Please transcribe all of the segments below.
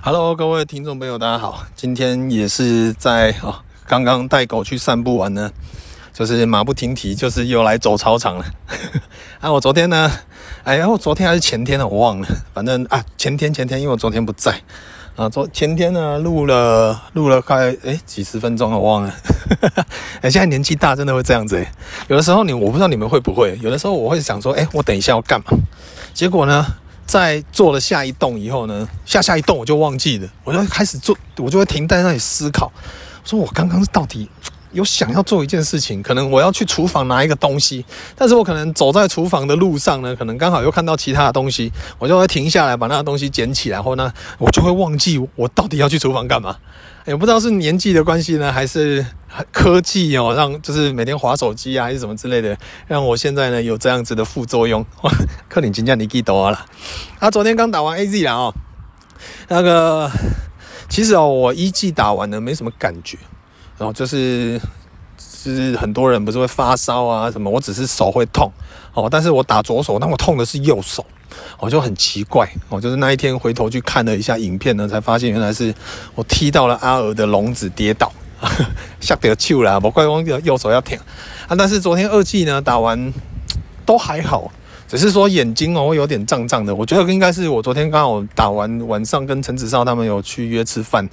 哈囉，各位聽眾朋友，大家好。今天也是在剛剛帶狗去散步完呢，就是馬不停蹄，就是又來走操場了。 啊，我昨天呢，哎呀，我昨天還是前天的，我忘了。反正啊，前天前天，因為我昨天不在啊，昨前天呢，錄了錄了快哎、欸、幾十分鐘，我忘了。哎、 欸，現在年紀大，真的會這樣子、欸。有的時候你，我不知道你們會不會，有的時候我會想說，哎、欸，我等一下要幹嘛？結果呢？在做了下一棟以後呢，下下一棟我就忘記了，我就開始做，我就會停在那裡思考，我說我剛剛是到底。有想要做一件事情，可能我要去廚房拿一個東西，但是我可能走在廚房的路上呢，可能剛好又看到其他的東西，我就會停下來把那個東西撿起來，然後呢，我就會忘記我到底要去廚房幹嘛。也不知道是年紀的關係呢，還是科技哦，讓就是每天滑手機啊，還是什麼之類的，讓我現在呢有這樣子的副作用。克林金加你給抖了啦啊！昨天剛打完 AZ 啦哦，那個其實哦，我一季打完呢，沒什麼感覺。然後、哦、就是，就是很多人不是會發燒啊什麼，我只是手會痛哦，但是我打左手，那我痛的是右手，我、哦、就很奇怪哦，就是那一天回頭去看了一下影片呢，才發現原來是我踢到了阿爾的籠子，跌倒，嚇得跳了，啦不怪我快忘記了右手要痛，啊，但是昨天二季呢打完都還好。只是說眼睛哦、喔、會有點脹脹的，我覺得應該是我昨天剛好打完晚上跟陳子紹他們有去約吃飯，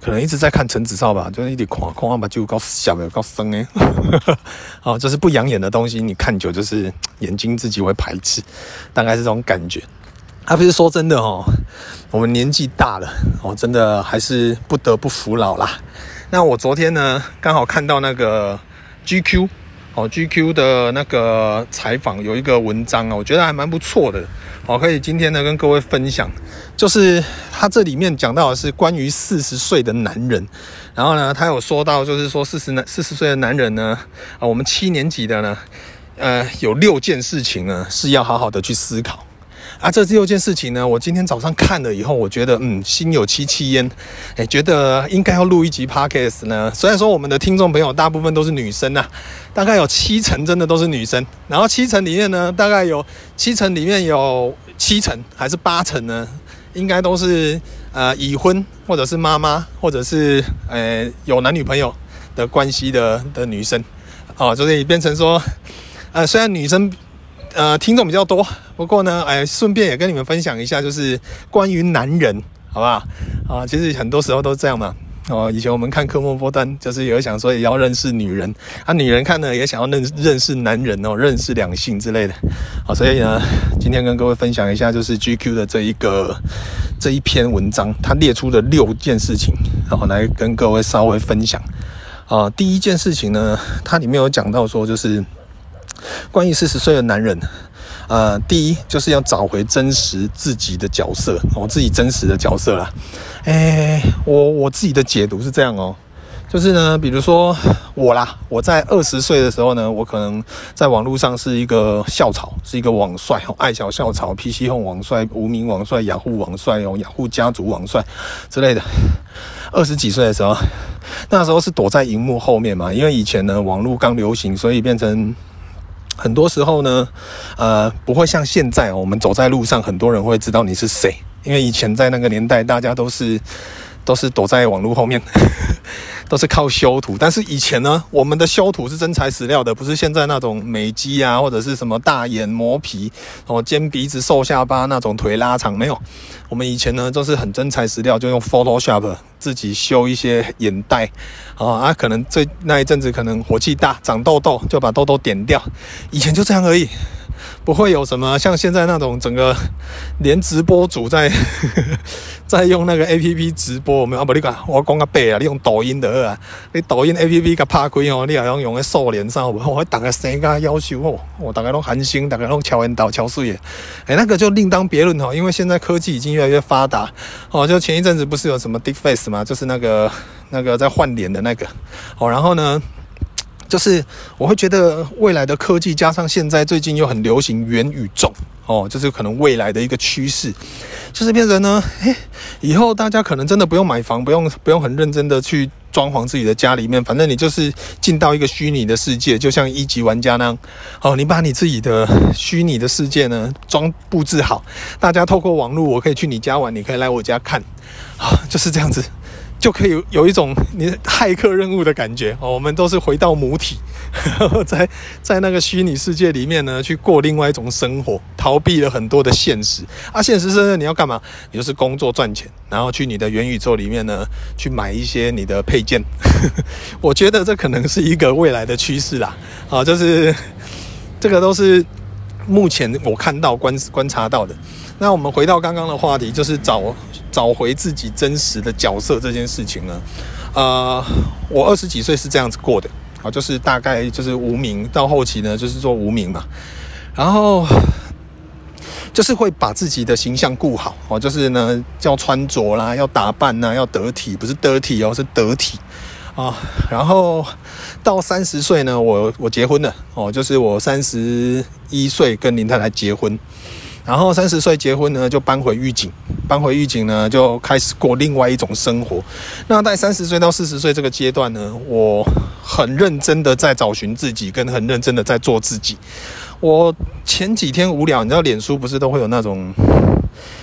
可能一直在看陳子紹吧，就是一直誇誇，阿、 喔、就搞小的搞呵呵啊，就是不養眼的東西，你看久就是眼睛自己會排斥，大概是這種感覺。還、啊、不是說真的哦、喔，我們年紀大了哦、喔，真的還是不得不服老啦。那我昨天呢剛好看到那個 GQ。哦，GQ 的那個採訪有一個文章啊，我覺得還蠻不錯的。好，可以今天呢跟各位分享，就是他這裡面講到的是關於四十歲的男人，然後呢，他有說到就是說四十四十歲的男人呢，啊，我們七年級的呢，呃，有六件事情呢，是要好好的去思考。啊，這六件事情呢，我今天早上看了以後，我覺得嗯，心有戚戚焉，哎，覺得應該要錄一集 podcast 呢。雖然說我們的聽眾朋友大部分都是女生啊，大概有七成真的都是女生，然後七成裡面呢，大概有七成裡面有七成還是八成呢，應該都是呃已婚或者是媽媽或者是呃有男女朋友的關係的的女生，哦，就可以變成說，呃，雖然女生。呃，聽眾比較多，不過呢，哎、欸，順便也跟你們分享一下，就是關於男人，好不好？啊，其實很多時候都這樣嘛。哦、啊，以前我們看柯夢波丹，就是有想說也要認識女人，啊，女人看呢也想要認認識男人哦，認識兩性之類的。好、啊，所以呢，今天跟各位分享一下，就是 GQ 的這一個這一篇文章，它列出的六件事情，然、啊、後來跟各位稍微分享。啊，第一件事情呢，它裡面有講到說，就是。關於四十歲的男人，呃，第一就是要找回真實自己的角色，我、哦、自己真實的角色啦。哎，我我自己的解讀是這樣哦，就是呢，比如說我啦，我在二十歲的時候呢，我可能在網絡上是一個校草，是一個網帥、哦、愛小校草、PC Home 網帥、無名網帥、雅虎網帥哦、雅虎家族網帥之類的。二十幾歲的時候，那時候是躲在熒幕後面嘛，因為以前呢，網絡剛流行，所以變成。很多時候呢，呃，不會像現在喔，我們走在路上，很多人會知道你是誰，因為以前在那個年代，大家都是都是躲在網路後面。 都是靠修圖，但是以前呢，我們的修圖是真材實料的，不是現在那種美肌啊，或者是什麼大眼磨皮，哦，尖鼻子、瘦下巴，那種腿拉長沒有？我們以前呢都是很真材實料，就用 Photoshop 自己修一些眼袋，啊、哦、啊，可能這那一陣子可能火氣大長痘痘，就把痘痘點掉，以前就這樣而已。不會有什麼像現在那種整個連直播主在 在用那個 A P P 直播，我們啊不你個，我要光個背啊，你用抖音得啊，你抖音 A P P 甲拍開哦，你好像用個瘦臉啥我哦，大家生加妖秀哦，哦大家攏寒星，大家攏超煙喬素帥。哎、欸，那個就另當別論哦，因為現在科技已經越來越發達哦。就前一陣子不是有什麼 DeepFace 嘛，就是那個那個在換臉的那個哦。然後呢，就是我會覺得未來的科技，加上現在最近又很流行元宇宙哦，就是可能未來的一個趨勢。就是變成呢，欸，以後大家可能真的不用買房，不用不用很認真的去裝潢自己的家裡面，反正你就是進到一個虛擬的世界，就像一級玩家那樣。哦，你把你自己的虛擬的世界呢裝布置好，大家透過網絡，我可以去你家玩，你可以來我家看，啊，哦，就是這樣子。就可以有一種你駭客任務的感覺哦，我們都是回到母體，呵呵在在那個虛擬世界裡面呢，去過另外一種生活，逃避了很多的現實啊。現實生活你要幹嘛？你就是工作賺錢，然後去你的元宇宙裡面呢，去買一些你的配件呵呵。我覺得這可能是一個未來的趨勢啦。啊，就是這個都是目前我看到觀觀察到的。那我們回到剛剛的話題，就是找。找回自己真實的角色這件事情呢，呃，我二十幾歲是這樣子過的啊，就是大概就是無名，到後期呢就是說無名嘛，然後就是會把自己的形象顧好哦，就是呢要穿着啦，要打扮吶，要得體，不是得體哦，是得體啊、哦。然後到三十歲呢，我我結婚了哦，就是我三十一歲跟林太太結婚。然後三十歲結婚呢，就搬回獄警，搬回獄警呢，就開始過另外一種生活。那在三十歲到四十歲這個階段呢，我很認真的在找尋自己，跟很認真的在做自己。我前幾天無聊，你知道臉書不是都會有那種。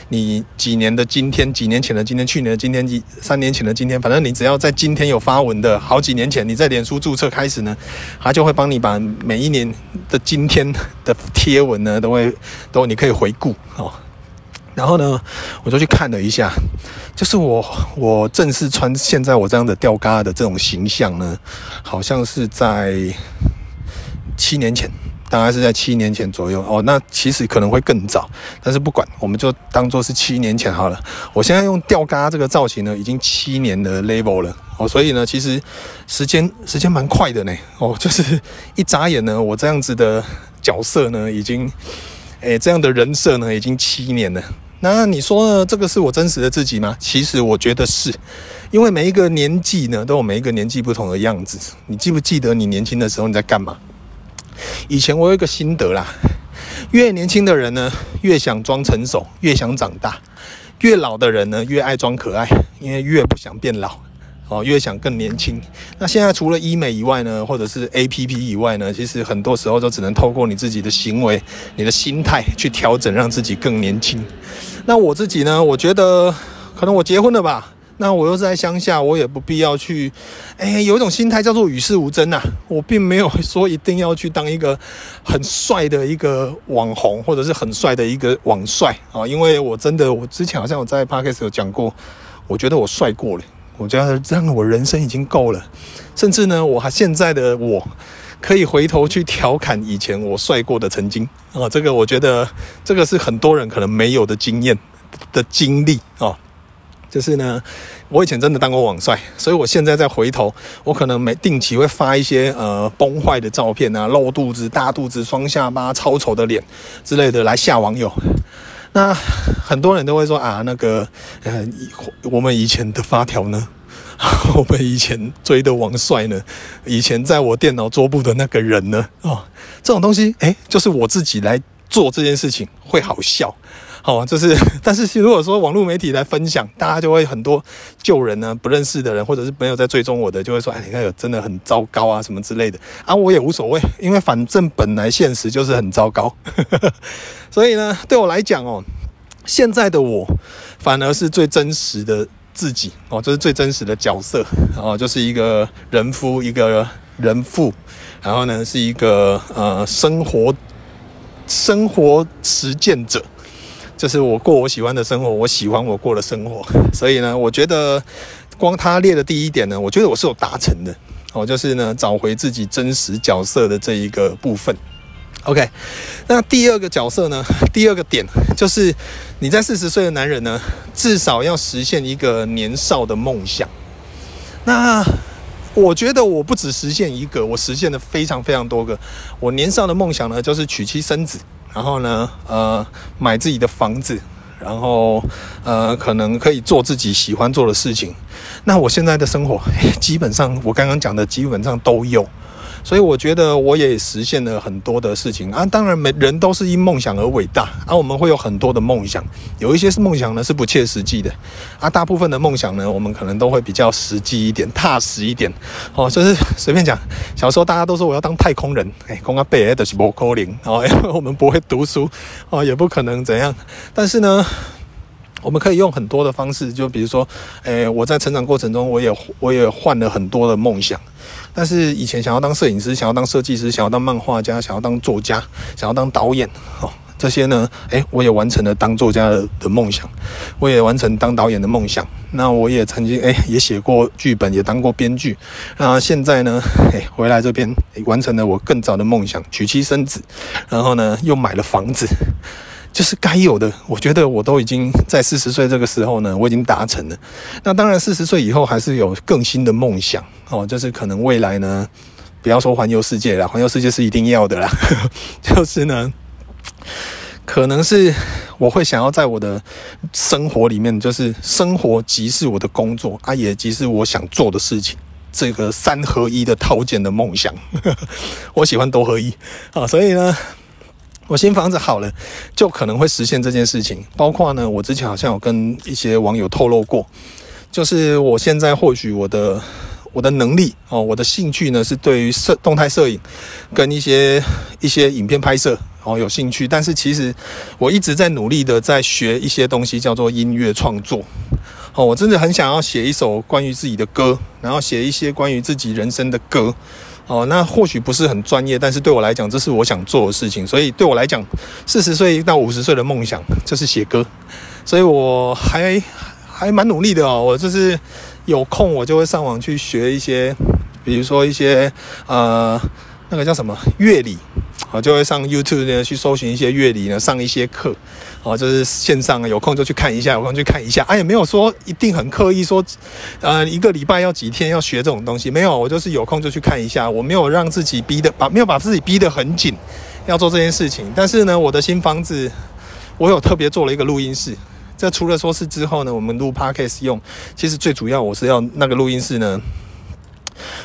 你幾年的今天，幾年前的今天，去年的今天，幾、三年前的今天，反正你只要在今天有發文的，好幾年前你在臉書注冊開始呢，他就會幫你把每一年的今天的貼文呢，都會都你可以回顧哦。然後呢，我就去看了一下，就是我我正式穿現在我這樣的吊嘎的這種形象呢，好像是在七年前。大概是在七年前左右哦，那其實可能會更早，但是不管，我們就當做是七年前好了。我現在用吊嘎這個造型呢，已經七年的 label 了哦，所以呢，其實時間時間蠻快的呢哦，就是一眨眼呢，我這樣子的角色呢，已經誒、哎、這樣的人設呢，已經七年了。那你說呢，這個是我真實的自己嗎？其實我覺得是，因為每一個年紀呢，都有每一個年紀不同的樣子。你記不記得你年輕的時候你在幹嘛？以前我有一個心得啦，越年輕的人呢，越想裝成熟，越想長大；越老的人呢，越愛裝可愛，因為越不想變老哦，越想更年輕。那現在除了醫美以外呢，或者是 APP 以外呢，其實很多時候都只能透過你自己的行為、你的心態去調整，讓自己更年輕。那我自己呢，我覺得可能我結婚了吧。那我又是在鄉下，我也不必要去，哎，有一種心態叫做與世無爭吶啊。我並沒有說一定要去當一個很帥的一個網紅，或者是很帥的一個網帥啊。因為我真的，我之前好像我在 podcast 有講過，我覺得我帥過了，我覺得這樣我人生已經夠了。甚至呢，我還現在的我可以回頭去調侃以前我帥過的曾經啊。這個我覺得，這個是很多人可能沒有的經驗的經歷啊。就是呢，我以前真的當過網帥，所以我現在再回頭，我可能沒定期會發一些呃崩壞的照片啊，露肚子、大肚子、雙下巴、超醜的臉之類的來嚇網友。那很多人都會說啊，那個呃，我們以前的發條呢， 我們以前追的網帥呢，以前在我電腦桌布的那個人呢，哦，這種東西，哎、欸，就是我自己來做這件事情會好笑。好、哦、就是，但是如果說網絡媒體來分享，大家就會很多舊人呢、啊，不認識的人，或者是沒有在追蹤我的，就會說：“哎，你看有真的很糟糕啊，什麼之類的。”啊，我也無所謂，因為反正本來現實就是很糟糕， 所以呢，對我來講哦，現在的我反而是最真實的自己哦，就是最真實的角色哦，就是一個人夫，一個人父，然後呢，是一個呃生活，生活實踐者。就是我過我喜歡的生活，我喜歡我過的生活，所以呢，我覺得光他列的第一點呢，我覺得我是有達成的我、哦、就是呢，找回自己真實角色的這一個部分。OK，那第二個角色呢，第二個點就是你在四十歲的男人呢，至少要實現一個年少的夢想。那我覺得我不只實現一個，我實現了非常非常多個。我年少的夢想呢，就是娶妻生子。然後呢，呃，買自己的房子，然後呃，可能可以做自己喜歡做的事情。那我現在的生活，基本上我剛剛講的基本上都有。所以我覺得我也實現了很多的事情啊！當然，每人都是因夢想而偉大啊！我們會有很多的夢想，有一些是夢想呢是不切實際的啊！大部分的夢想呢，我們可能都會比較實際一點，踏實一點哦。就是隨便講，小時候大家都說我要當太空人，哎，講阿爸都是無可能哦，因為我們不會讀書哦，也不可能怎樣。但是呢。我們可以用很多的方式，就比如說，誒，我在成長過程中，我也我也換了很多的夢想，但是以前想要當攝影師，想要當設計師，想要當漫畫家，想要當作家，想要當導演，哦，這些呢，誒，我也完成了當作家的，的夢想，我也完成當導演的夢想。那我也曾經，誒，也寫過劇本，也當過編劇。那現在呢，誒，回來這邊，誒，完成了我更早的夢想，娶妻生子，然後呢，又買了房子。就是該有的，我覺得我都已經在四十歲這個時候呢，我已經達成了。那當然，四十歲以後還是有更新的夢想哦。就是可能未來呢，不要說環遊世界了，環遊世界是一定要的啦呵呵。就是呢，可能是我會想要在我的生活裡面，就是生活即是我的工作啊，也即是我想做的事情，這個三合一的套件的夢想。呵呵，我喜歡多合一啊，哦，所以呢。我新房子好了，就可能會實現這件事情。包括呢，我之前好像有跟一些網友透露過，就是我現在或許我的我的能力哦，我的興趣呢是對於攝動態攝影跟一些一些影片拍攝哦有興趣。但是其實我一直在努力的在學一些東西，叫做音樂創作。哦，我真的很想要寫一首關於自己的歌，然後寫一些關於自己人生的歌。哦，那或許不是很專業，但是對我來講，這是我想做的事情。所以對我來講，四十歲到五十歲的夢想就是寫歌，所以我還還蠻努力的哦。我就是有空我就會上網去學一些，比如說一些，呃，那個叫什麼樂理。我就會上 YouTube 呢，去搜尋一些樂理呢，上一些課，好，就是線上有空就去看一下，有空去看一下。哎，也沒有說一定很刻意說，呃，一個禮拜要幾天要學這種東西，沒有。我就是有空就去看一下，我沒有讓自己逼的把沒有把自己逼得很緊，要做這件事情。但是呢，我的新房子，我有特別做了一個錄音室。這除了說是之後呢，我們錄 Podcast 用，其實最主要我是要那個錄音室呢。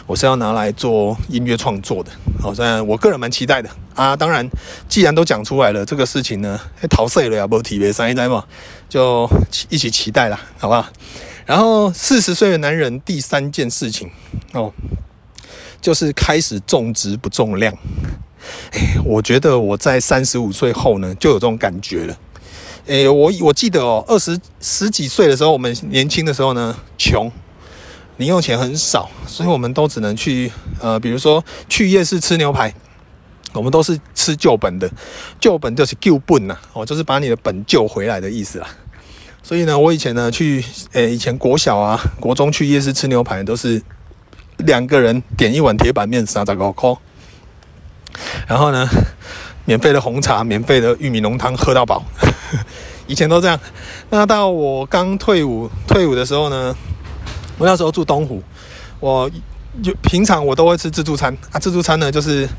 我是要拿來做音樂創作的，好、哦，像我個人蠻期待的啊。當然，既然都講出來了，這個事情呢，逃、欸、稅了也、啊、不提，別三一三嘛，就一起期待了，好吧？然後四十歲的男人第三件事情哦，就是開始重質不重量。哎、欸，我覺得我在三十五歲後呢，就有這種感覺了。哎、欸，我我記得哦，二十十幾歲的時候，我們年輕的時候呢，窮，零用錢很少，所以我們都只能去，呃，比如說去夜市吃牛排，我們都是吃舊本的，舊本就是救本吶、啊，哦，就是把你的本救回來的意思啦、啊。所以呢，我以前呢去、欸，以前國小啊、國中去夜市吃牛排，都是兩個人點一碗鐵板麵，三十五塊，然後呢，免費的紅茶、免費的玉米濃湯喝到飽，以前都這樣。那到我剛退伍、退伍的時候呢？我那時候住東湖，我就平常我都會吃自助餐啊。自助餐呢，就是，誒、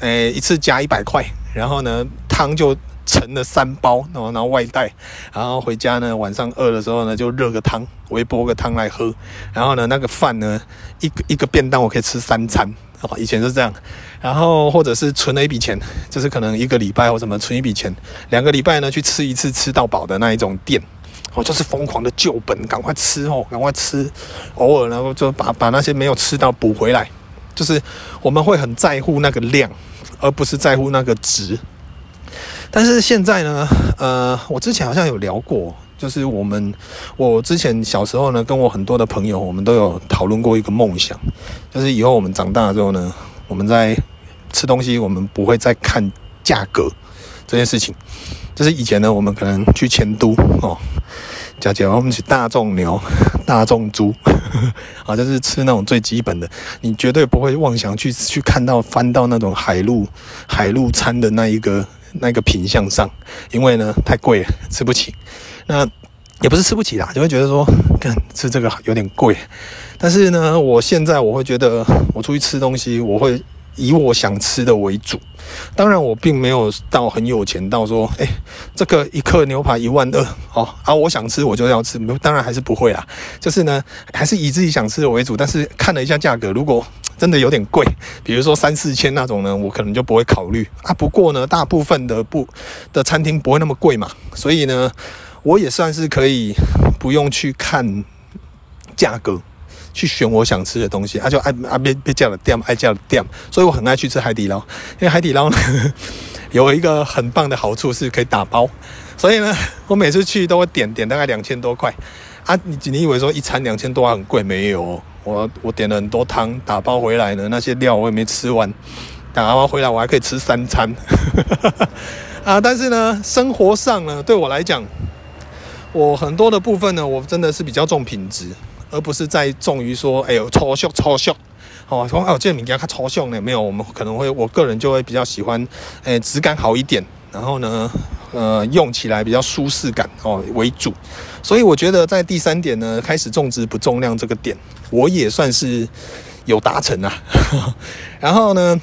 欸，一次加一百塊，然後呢，湯就盛了三包，然後、哦、然後外帶，然後回家呢，晚上餓的時候呢，就熱個湯，微波個湯來喝。然後呢，那個飯呢，一個一個便當我可以吃三餐啊、哦，以前就是這樣。然後或者是存了一筆錢，就是可能一個禮拜或、哦、什麼存一筆錢，兩個禮拜呢去吃一次吃到飽的那一種店。我、哦、就是瘋狂的救本，趕快吃哦，趕快吃！偶爾然後就把把那些沒有吃到補回來，就是我們會很在乎那個量，而不是在乎那個值。但是現在呢，呃，我之前好像有聊過，就是我們我之前小時候呢，跟我很多的朋友，我們都有討論過一個夢想，就是以後我們長大了之後呢，我們在吃東西，我們不會再看價格這件事情。就是以前呢，我們可能去遷都哦。佳姐，我們吃一是大眾牛、大眾豬，啊， 就是吃那種最基本的，你絕對不會妄想去去看到翻到那種海陸海陸餐的那一個那一個品相上，因為呢太貴了，吃不起。那也不是吃不起啦，就會覺得說，看吃這個有點貴。但是呢，我現在我會覺得，我出去吃東西，我會以我想吃的為主。當然，我並沒有到很有錢到說，哎，這個一客牛排一萬二，哦啊，我想吃我就要吃，當然還是不會啦，啊。就是呢，還是以自己想吃的為主。但是看了一下價格，如果真的有點貴，比如說三四千那種呢，我可能就不會考慮啊。不過呢，大部分的不的餐廳不會那麼貴嘛，所以呢，我也算是可以不用去看價格。去選我想吃的東西，他、啊、就按啊，別別叫了，店阿叫了店，所以我很愛去吃海底撈，因為海底撈有一個很棒的好處是可以打包，所以呢，我每次去都會點點大概兩千多塊，啊，你你以為說一餐兩千多塊很貴沒有，哦，我我點了很多湯打包回來呢，那些料我也沒吃完，打包回來我還可以吃三餐呵呵呵，啊，但是呢，生活上呢，對我來講，我很多的部分呢，我真的是比較重品質。而不是在重於說，哎呦，超秀超秀，哦，說哦，這個你件它超秀呢，沒有，我們可能會，我個人就會比較喜歡，誒、欸，質感好一點，然後呢，呃，用起來比較舒適感哦為主，所以我覺得在第三點呢，開始重質不重量這個點，我也算是有達成啊。 然後呢，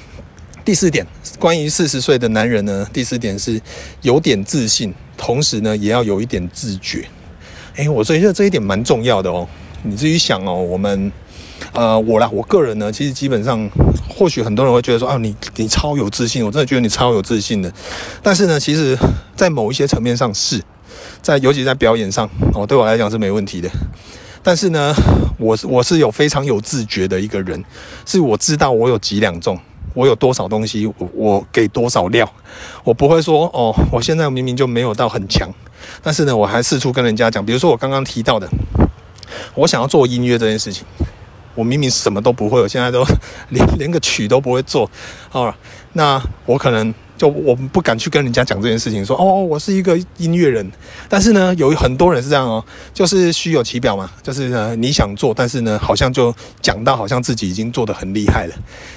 第四點，關於四十歲的男人呢，第四點是有點自信，同時呢，也要有一點自覺，哎、欸，我覺得這一點蠻重要的哦。你自己想哦，我們，呃，我啦，我個人呢，其實基本上，或許很多人會覺得說，啊，你你超有自信，我真的覺得你超有自信的。但是呢，其實，在某一些層面上是，在尤其在表演上哦，對我來講是沒問題的。但是呢，我是我是有非常有自覺的一個人，是我知道我有幾兩重，我有多少東西，我我給多少料，我不會說哦，我現在明明就沒有到很強，但是呢，我還四處跟人家講，比如說我剛剛提到的。我想要做音樂這件事情，我明明什麼都不會，我現在都連連個曲都不會做。好了，那我可能就我不敢去跟人家講這件事情，說哦，我是一個音樂人。但是呢，有很多人是這樣哦，就是虛有其表嘛，就是呢，你想做，但是呢，好像就講到好像自己已經做得很厲害了，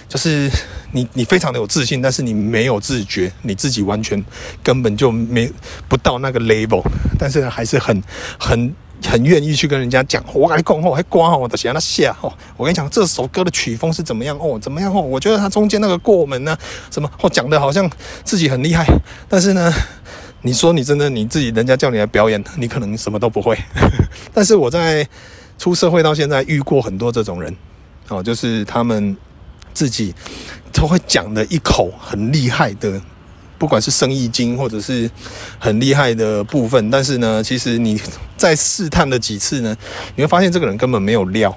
就是你你非常的有自信，但是你沒有自覺，你自己完全根本就沒不到那個 l a b e l 但是呢還是很很。很願意去跟人家講，我還講哦，還刮，我都嫌他下哦。我跟你講，這首歌的曲風是怎麼樣哦？怎麼樣哦？我覺得他中間那個過門呢，啊，什麼哦，講的好像自己很厲害，但是呢，你說你真的你自己，人家叫你來表演，你可能什麼都不會。 但是我在出社會到現在，遇過很多這種人，哦，就是他們自己都會講的一口很厲害的。不管是生意經，或者是很厲害的部分，但是呢，其實你再試探了幾次呢，你會發現這個人根本沒有料。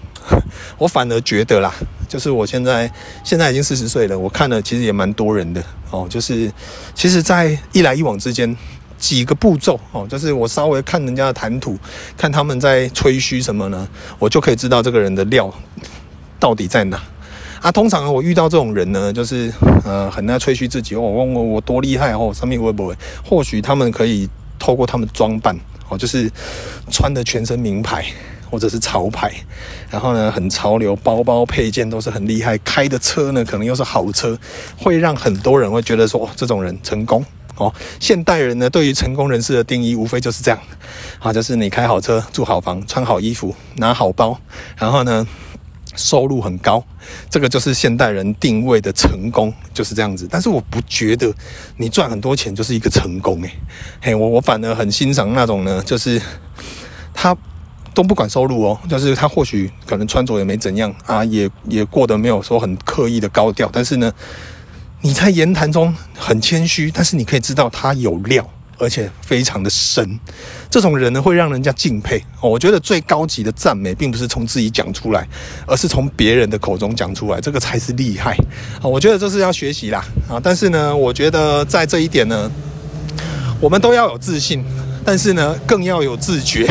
我反而覺得啦，就是我現在現在已經四十歲了，我看了其實也蠻多人的哦，就是其實在一來一往之間幾個步驟哦，就是我稍微看人家的談吐，看他們在吹噓什麼呢，我就可以知道這個人的料到底在哪。啊，通常我遇到這種人呢，就是呃，很愛吹噓自己哦，我我我多厲害哦，上面會不會？或許他們可以透過他們裝扮哦，就是穿的全身名牌或者是潮牌，然後呢，很潮流，包包配件都是很厲害，開的車呢，可能又是好車，會讓很多人會覺得說，哦，這種人成功哦。現代人呢，對於成功人士的定義無非就是這樣啊，就是你開好車，住好房，穿好衣服，拿好包，然後呢，收入很高，這個就是現代人定位的成功，就是這樣子。但是我不覺得你賺很多錢就是一個成功，欸，哎，嘿，我我反而很欣賞那種呢，就是他都不管收入哦，就是他或許可能穿着也沒怎樣啊，也也過得沒有說很刻意的高調，但是呢，你在言談中很謙虛，但是你可以知道他有料。而且非常的深，這種人呢會讓人家敬佩、哦。我覺得最高級的讚美，並不是從自己講出來，而是從別人的口中講出來，這個才是厲害、哦、我覺得這是要學習啦、啊、但是呢，我覺得在這一點呢，我們都要有自信，但是呢，更要有自覺、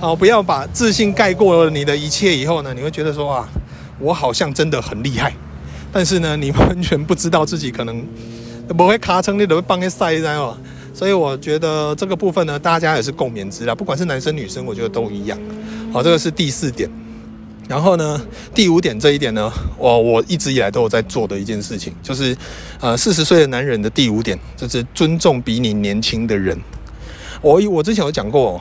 啊、不要把自信蓋過了你的一切以後呢，你會覺得說啊，我好像真的很厲害，但是呢，你完全不知道自己可能不會卡成你都會幫你曬一曬哦。所以我覺得這個部分呢，大家也是共勉之啦，不管是男生女生，我覺得都一樣。好，這個是第四點。然後呢，第五點這一點呢，我我一直以來都有在做的一件事情，就是呃，四十歲的男人的第五點就是尊重比你年輕的人。我我之前有講過，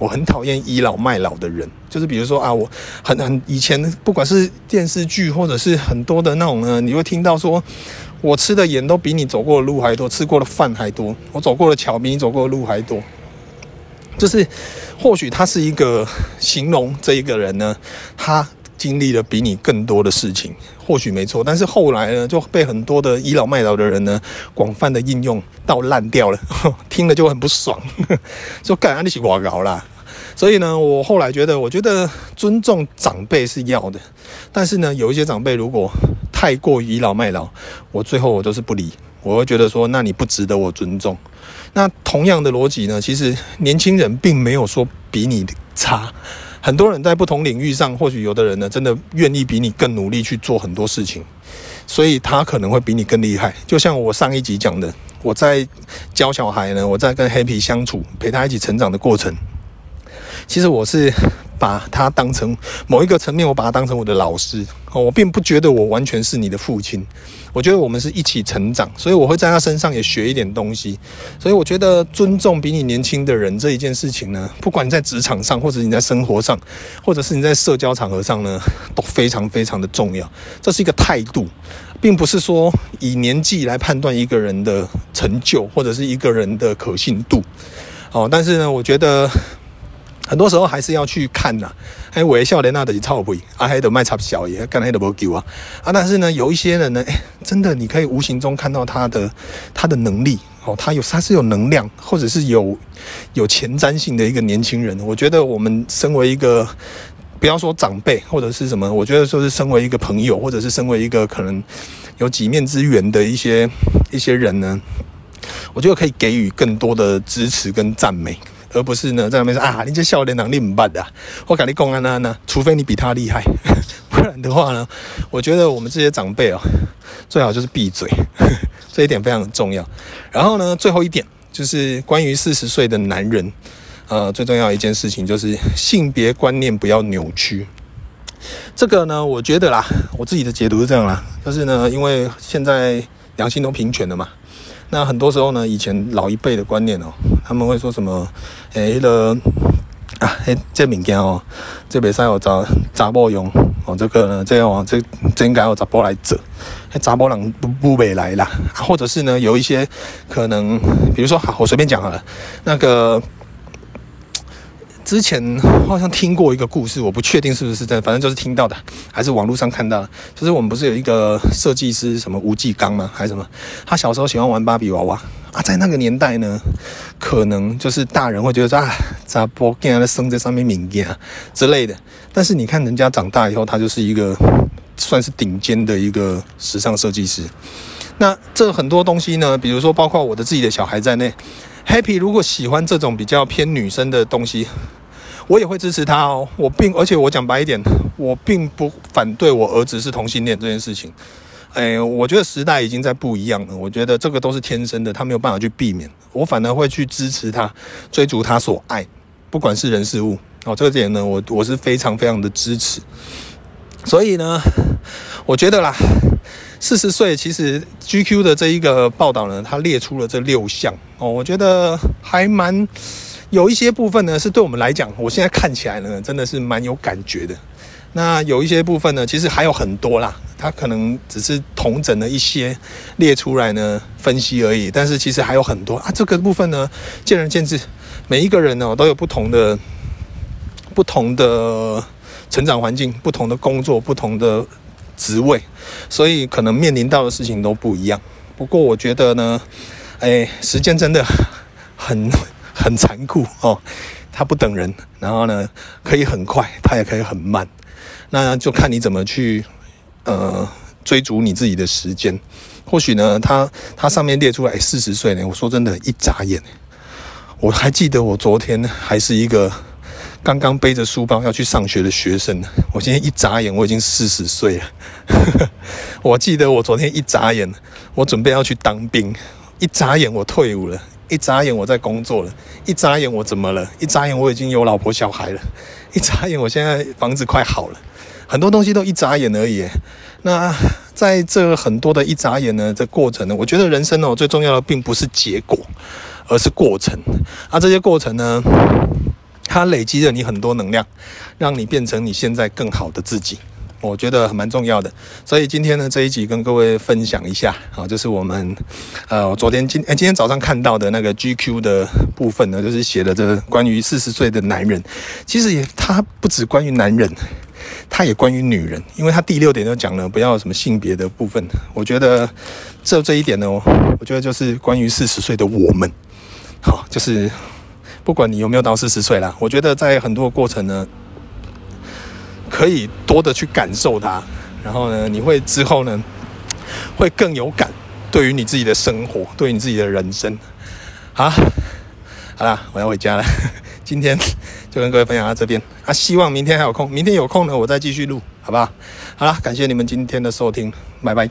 我很討厭倚老賣老的人，就是比如說啊，我很很以前不管是電視劇或者是很多的那種呢，你會聽到說，我吃的鹽都比你走過的路還多，吃過的飯還多，我走過的橋比你走過的路還多，就是或許他是一個形容這一個人呢，他。經歷了比你更多的事情，或許沒錯，但是後來呢，就被很多的倚老賣老的人呢，廣泛的應用到爛掉了，聽了就很不爽，就幹，你是多厲害啦。所以呢，我後來覺得，我覺得尊重長輩是要的，但是呢，有一些長輩如果太過於倚老賣老，我最後我都是不理，我會覺得說，那你不值得我尊重。那同樣的邏輯呢，其實年輕人並沒有說比你差。很多人在不同領域上，或許有的人呢，真的願意比你更努力去做很多事情，所以他可能會比你更厲害。就像我上一集講的，我在教小孩呢，我在跟黑皮相處，陪他一起成長的過程。其實我是把他當成某一個層面，我把他當成我的老師。我並不覺得我完全是你的父親，我覺得我們是一起成長，所以我會在他身上也學一點東西。所以我覺得尊重比你年輕的人這一件事情呢，不管你在職場上，或者你在生活上，或者是你在社交場合上呢，都非常非常的重要。這是一個態度，並不是說以年紀來判斷一個人的成就或者是一個人的可信度。哦，但是呢，我覺得。很多時候還是要去看吶、啊，還微笑蓮那的就臭不，阿黑的賣插小爺，干黑的無救啊啊！但是呢，有一些人呢，欸、真的，你可以無形中看到他的他的能力哦，他有他是有能量，或者是有有前瞻性的一個年輕人。我覺得我們身為一個，不要說長輩或者是什麼，我覺得說是身為一個朋友，或者是身為一個可能有幾面之緣的一些一些人呢，我覺得可以給予更多的支持跟讚美。而不是呢，在那邊說啊，你這少年能你很笨的，我搞你公安啊呢，除非你比他厲害呵呵。不然的話呢，我覺得我們這些長輩哦、喔，最好就是閉嘴呵呵，這一點非常重要。然後呢，最後一點就是關於四十歲的男人，呃，最重要的一件事情就是性別觀念不要扭曲。這個呢，我覺得啦，我自己的解讀是這樣啦，就是呢，因為現在兩性都平權了嘛。那很多時候呢，以前老一輩的觀念哦，他們會說什麼？哎、欸、了、那個、啊，欸、這物件哦，這北上有查查某用哦，這個呢，這樣哦，這真該有查甫來走，查某人不不未來啦，啊。或者是呢，有一些可能，比如說好，我隨便講好了那個。之前好像聽過一個故事，我不確定是不是真的，反正就是聽到的，還是網絡上看到的。就是我們不是有一個設計師，什麼吳季剛嗎？還是什麼？他小時候喜歡玩芭比娃娃啊，在那個年代呢，可能就是大人會覺得說啊，扎波給他的生在上面敏呀之類的。但是你看人家長大以後，他就是一個算是頂尖的一個時尚設計師。那這很多東西呢，比如說包括我的自己的小孩在內，Happy 如果喜歡這種比較偏女生的東西。我也會支持他哦，我並而且我講白一點，我並不反對我兒子是同性戀這件事情。哎，我覺得時代已經在不一樣了，我覺得這個都是天生的，他沒有辦法去避免。我反而會去支持他追逐他所愛，不管是人事物哦，這個點呢，我我是非常非常的支持。所以呢，我覺得啦，四十歲其實 GQ 的這一個報道呢，他列出了這六項哦，我覺得還蠻。有一些部分呢，是對我們來講，我現在看起來呢，真的是蠻有感覺的。那有一些部分呢，其實還有很多啦，它可能只是統整了一些列出來呢分析而已。但是其實還有很多啊，這個部分呢，見仁見智，每一個人呢、哦、都有不同的、不同的成長環境、不同的工作、不同的職位，所以可能面臨到的事情都不一樣。不過我覺得呢，誒，時間真的很。很殘酷哦，它不等人。然後呢，可以很快，它也可以很慢，那就看你怎麼去呃追逐你自己的時間。或許呢，它它上面列出來四十歲呢。我說真的，一眨眼，我還記得我昨天還是一個剛剛背着書包要去上學的學生呢。我今天一眨眼我已經四十歲了呵呵。我記得我昨天一眨眼，我準備要去當兵，一眨眼我退伍了。一眨眼我在工作了，一眨眼我怎麼了？一眨眼我已經有老婆小孩了，一眨眼我現在房子快好了，很多東西都一眨眼而已。那在這很多的一眨眼呢，這過程呢，我覺得人生哦，最重要的並不是結果，而是過程。啊，這些過程呢，它累積了你很多能量，讓你變成你現在更好的自己。我覺得蠻重要的，所以今天呢，這一集跟各位分享一下啊，就是我們，呃，我昨天今天今天早上看到的那個 GQ 的部分呢，就是寫的這個關於四十歲的男人，其實也他不只關於男人，他也關於女人，因為他第六點就講了不要什麼性別的部分。我覺得這這一點呢，我覺得就是關於四十歲的我們，好，就是不管你有沒有到四十歲啦，我覺得在很多過程呢。可以多的去感受它，然後呢，你會之後呢，會更有感，對於你自己的生活，對於你自己的人生。好，好啦，我要回家了。今天就跟各位分享到這邊啊，希望明天還有空，明天有空呢，我再繼續錄，好不好？好啦，感謝你們今天的收聽，拜拜。